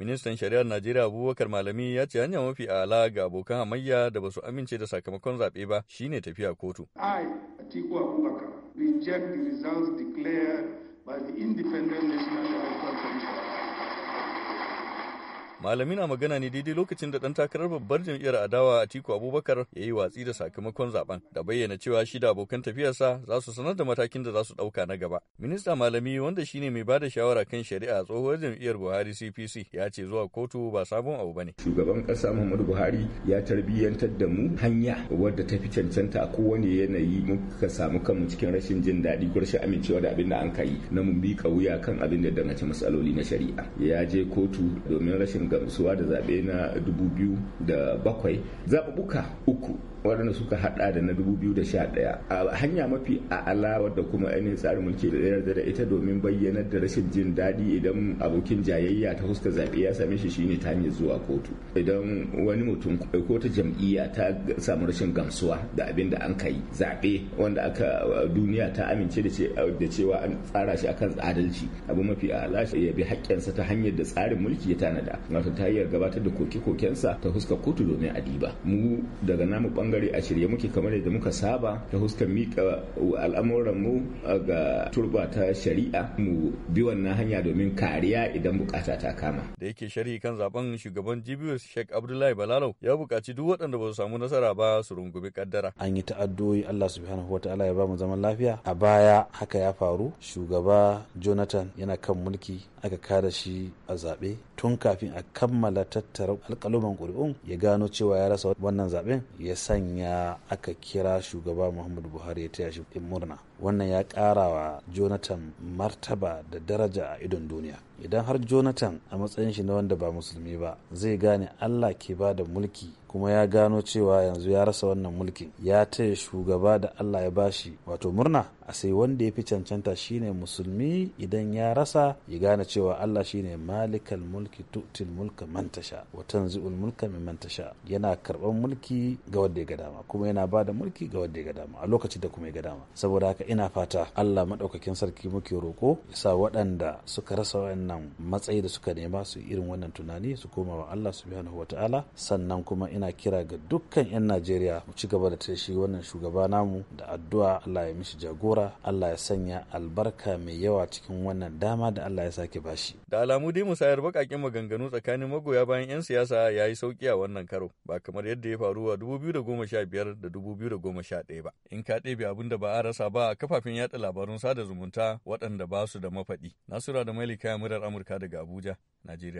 Ministan Shari'ar Najeriya Abubakar Malami ya ce hanya mafi ala ga abokan hamayya da basu amince da sakamakon zaɓe ba shine tafiya kotu. I, Atiku Abubakar, reject the results declared by the Independent National Electoral Commission. Malami na magana ne daidai lokacin da dan takarar babbar jam'iyyar adawa a tiku Abubakar ya yi watsi da sakamakon zaben da bayyana cewa shi da abokan tafiyarsa za su sanar da matakin da za su ɗauka na gaba. Minista Malami wanda shine mai bada shawara kan shari'a tsohuwar jam'iyyar Buhari CPC ya ce zuwa kotu ba sabon abu bane. Shugaban kasa Muhammadu Buhari ya tarbiyyantar da mu hanya wadda ta fi cancanta a kowane yanayi muka samu kanmu cikin rashin jin daɗi ko rashin amincewa da abin da an kai na mun bi wuya kan abin da dangace matsaloli na shari'a. Ya je kotu domin rashin gamsuwa da zaɓe na 2007 zaɓuɓɓuka uku waɗanda suka hada da na 2011 a hanya mafi alawa da kuma ainihin tsarin mulki da yarda da ita domin bayyanar da rashin jin daɗi idan abokin jayayya ta huska zaɓe ya same shi shine ta hanyar zuwa kotu idan wani mutum ko ta jam'iyya ta samu rashin gamsuwa da abin da an kai zaɓe wanda aka duniya ta amince da cewa an tsara shi akan adalci abu mafi a'ala ya bi haƙƙinsa ta hanyar da tsarin mulki ya tanada wato ta hanyar gabatar da koke-kokensa ta huska kotu domin adiba mu daga namu bangare. bangare a shirye muke kamar yadda muka saba ta huskar mika al'amuranmu ga turba ta shari'a mu bi wannan hanya domin kariya idan bukata ta kama. Da yake sharhi kan zaben shugaban GBS Sheikh Abdullahi Balalau ya bukaci duk waɗanda ba su samu nasara ba su rungumi kaddara. An yi ta'addoyi Allah subhanahu wataala ya ba mu zaman lafiya. A baya haka ya faru shugaba Jonathan yana kan mulki aka kada shi a zaɓe tun kafin a kammala tattara alkaluman ƙuri'un ya gano cewa ya rasa wannan zaben ya sanya aka kira shugaba muhammadu buhari ya taya shi murna wannan ya ƙara wa jonathan martaba da daraja a idon duniya idan har jonathan a matsayin shi na wanda ba musulmi ba zai gane allah ke ba da mulki kuma ya gano cewa yanzu ya rasa wannan mulkin ya taya shugaba da allah ya bashi wato murna a sai wanda ya fi cancanta shine musulmi idan ya rasa ya gane cewa Allah shine malikal mulki tu'til mulka mantasha tasha wa tanzi'ul mulka mimman tasha yana karban mulki ga wanda ya ga dama kuma yana ba da mulki ga wanda ya ga dama a lokacin da kuma ya ga dama saboda haka ina fata Allah madaukakin sarki muke roko ya sa waɗanda suka rasa wannan matsayi da suka nema su irin wannan tunani su koma wa Allah subhanahu wataala sannan kuma ina kira ga dukkan 'yan Najeriya mu ci gaba da tashi wannan shugaba namu da addu'a Allah ya mishi jagora shawara Allah ya sanya albarka mai yawa cikin wannan dama da Allah ya sake bashi. Da alamu dai musayar bakakin maganganu tsakanin magoya bayan 'yan siyasa ya yi sauki a wannan karo ba kamar yadda ya faru a 2015 da 2011 ba. In ka ɗebe abin da ba a rasa ba a kafafen yaɗa labarun sada zumunta waɗanda ba su da mafaɗi. Nasura da Malika Murar Amurka daga Abuja, Najeriya.